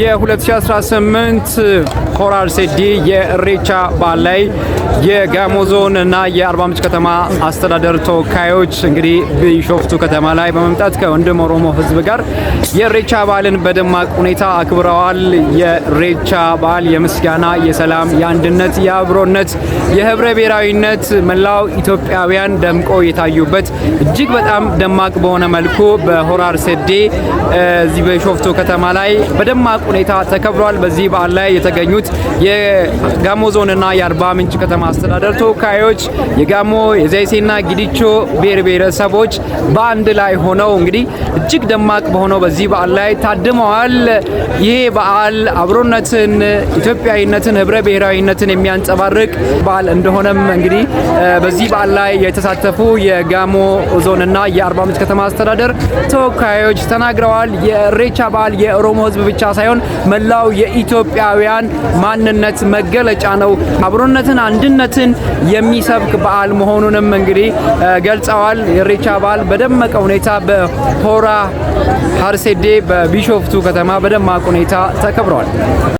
የ2018 ሆራ አርሰዲ የኢሬቻ በዓል ላይ የጋሞ ዞን እና የአርባ ምንጭ ከተማ አስተዳደር ተወካዮች እንግዲህ ቢሾፍቱ ከተማ ላይ በመምጣት ከወንድም ኦሮሞ ሕዝብ ጋር የኢሬቻ በዓልን በደማቅ ሁኔታ አክብረዋል። የኢሬቻ በዓል የምስጋና፣ የሰላም፣ የአንድነት፣ የአብሮነት፣ የህብረ ብሔራዊነት መላው ኢትዮጵያውያን ደምቆ የታዩበት እጅግ በጣም ደማቅ በሆነ መልኩ በሆራ አርሰዲ ዴ እዚህ በሾፍቶ ከተማ ላይ በደማቅ ሁኔታ ተከብሯል። በዚህ በዓል ላይ የተገኙት የጋሞ ዞንና የአርባ ምንጭ ከተማ አስተዳደር ተወካዮች፣ የጋሞ የዘይሴና ጊዲቾ ብሔር ብሔረሰቦች በአንድ ላይ ሆነው እንግዲህ እጅግ ደማቅ በሆነው በዚህ በዓል ላይ ታድመዋል። ይሄ በዓል አብሮነትን፣ ኢትዮጵያዊነትን፣ ህብረ ብሔራዊነትን የሚያንጸባርቅ በዓል እንደሆነም እንግዲህ በዚህ በዓል ላይ የተሳተፉ የጋሞ ዞንና የአርባ ምንጭ ከተማ አስተዳደር ተወካዮች ተወካዮች ተናግረዋል። የኢሬቻ በዓል የኦሮሞ ህዝብ ብቻ ሳይሆን መላው የኢትዮጵያውያን ማንነት መገለጫ ነው፣ አብሮነትን፣ አንድነትን የሚሰብክ በዓል መሆኑንም እንግዲህ ገልጸዋል። የኢሬቻ በዓል በደመቀ ሁኔታ በሆራ ሀርሴዴ በቢሾፍቱ ከተማ በደማቅ ሁኔታ ተከብረዋል።